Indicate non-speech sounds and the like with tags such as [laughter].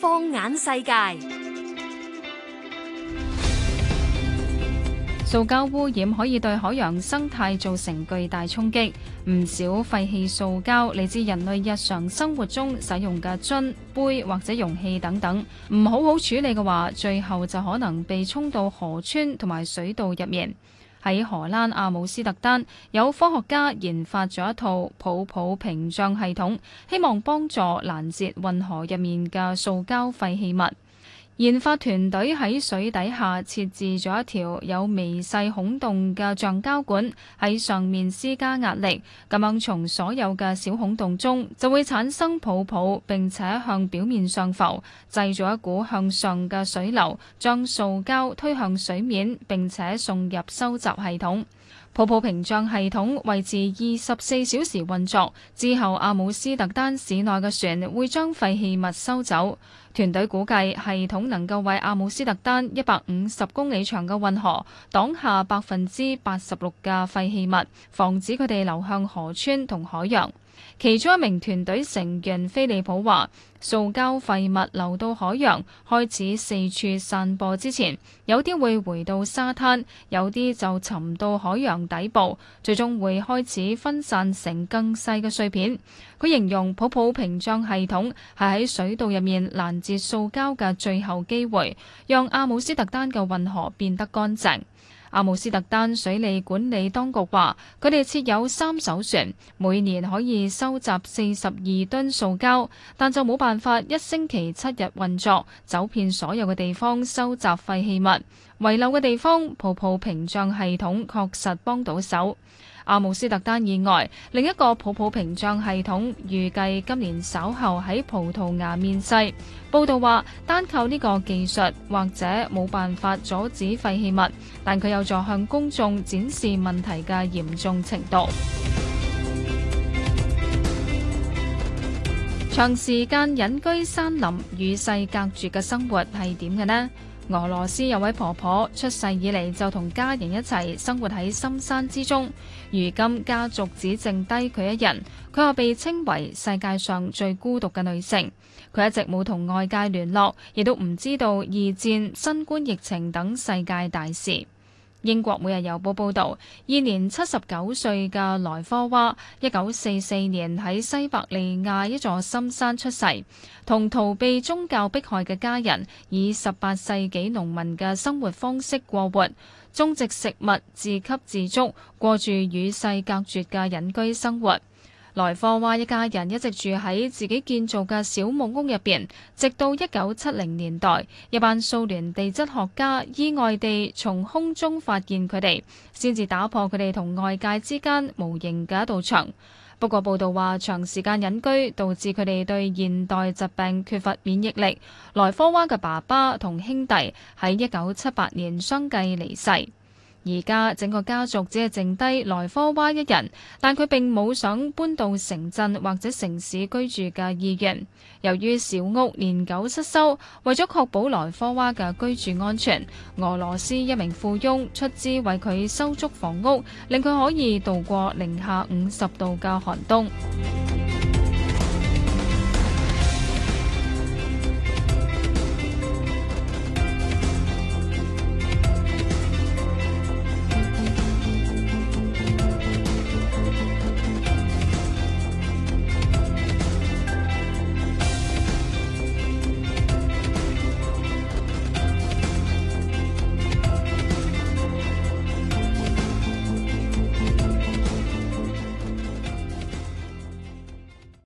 放眼世界，塑膠污染，可以對海洋生態造成巨大衝擊。唔少廢棄塑膠嚟自人類日常生活中使用嘅樽、杯或者容器等等，唔好好處理嘅話，最後就可能被沖到河川同埋水道入面。喺荷蘭阿姆斯特丹，有科學家研發咗一套泡泡屏障系統，希望幫助攔截運河入面嘅塑膠廢棄物。研發團隊喺水底下設置咗一條有微細孔洞嘅橡膠管，喺上面施加壓力，咁樣從所有嘅小孔洞中就會產生泡泡，並且向表面上浮，製造一股向上嘅水流，將塑膠推向水面，並且送入收集系統。泡泡屏障系統維持二十四小時運作，之後阿姆斯特丹市內嘅船會將廢棄物收走。團隊估計系統能夠為阿姆斯特丹一百五十公里長嘅運河擋下百分之八十六嘅廢棄物，防止佢哋流向河川同海洋。其中一名團隊成員菲利普話：塑膠廢物流到海洋，開始四處散播之前，有啲會回到沙灘，有啲就沉到海洋底部，最終會開始分散成更細嘅碎片。佢形容泡泡屏障系統係喺水道入面攔截塑膠嘅最後機會，讓阿姆斯特丹嘅運河變得乾淨。阿姆斯特丹水利管理當局話，佢哋設有三艘船，每年可以收集四十二噸塑膠，但就冇辦法一星期七日運作，走遍所有嘅地方收集廢棄物。遺漏嘅地方，泡泡屏障系統確實幫到手。阿姆斯特丹以外，另一個泡泡屏障系統預計今年稍後喺葡萄牙面世。報道話，單靠呢個技術或者冇辦法阻止廢棄物，但佢有助向公眾展示問題嘅嚴重程度。 [music] 長時間隱居山林與世隔絕嘅生活係點嘅呢？俄羅斯有位婆婆出世以嚟就同家人一齊生活喺深山之中，如今家族只剩低佢一人，佢又被稱為世界上最孤獨嘅女性。佢一直冇同外界聯絡，亦都唔知道二戰、新冠疫情等世界大事。英國每日郵報報導，現年七十九歲嘅萊科娃，一九四四年喺西伯利亞一座深山出世，同逃避宗教迫害嘅家人，以十八世紀農民嘅生活方式過活，種植食物自給自足，過住與世隔絕嘅隱居生活。萊科娃一家人一直住喺自己建造嘅小木屋入邊，直到一九七零年代，一班蘇聯地質學家意外地從空中發現佢哋，先至打破佢哋同外界之間無形嘅一道牆。不過報道話，長時間隱居導致佢哋對現代疾病缺乏免疫力。萊科娃嘅爸爸同兄弟喺一九七八年相繼離世。而家整個家族只係剩低萊科娃一人，但佢並冇想搬到城鎮或者城市居住嘅意願。由於小屋年久失修，為咗確保萊科娃嘅居住安全，俄羅斯一名富翁出資為佢修築房屋，令佢可以度過零下五十度嘅寒冬。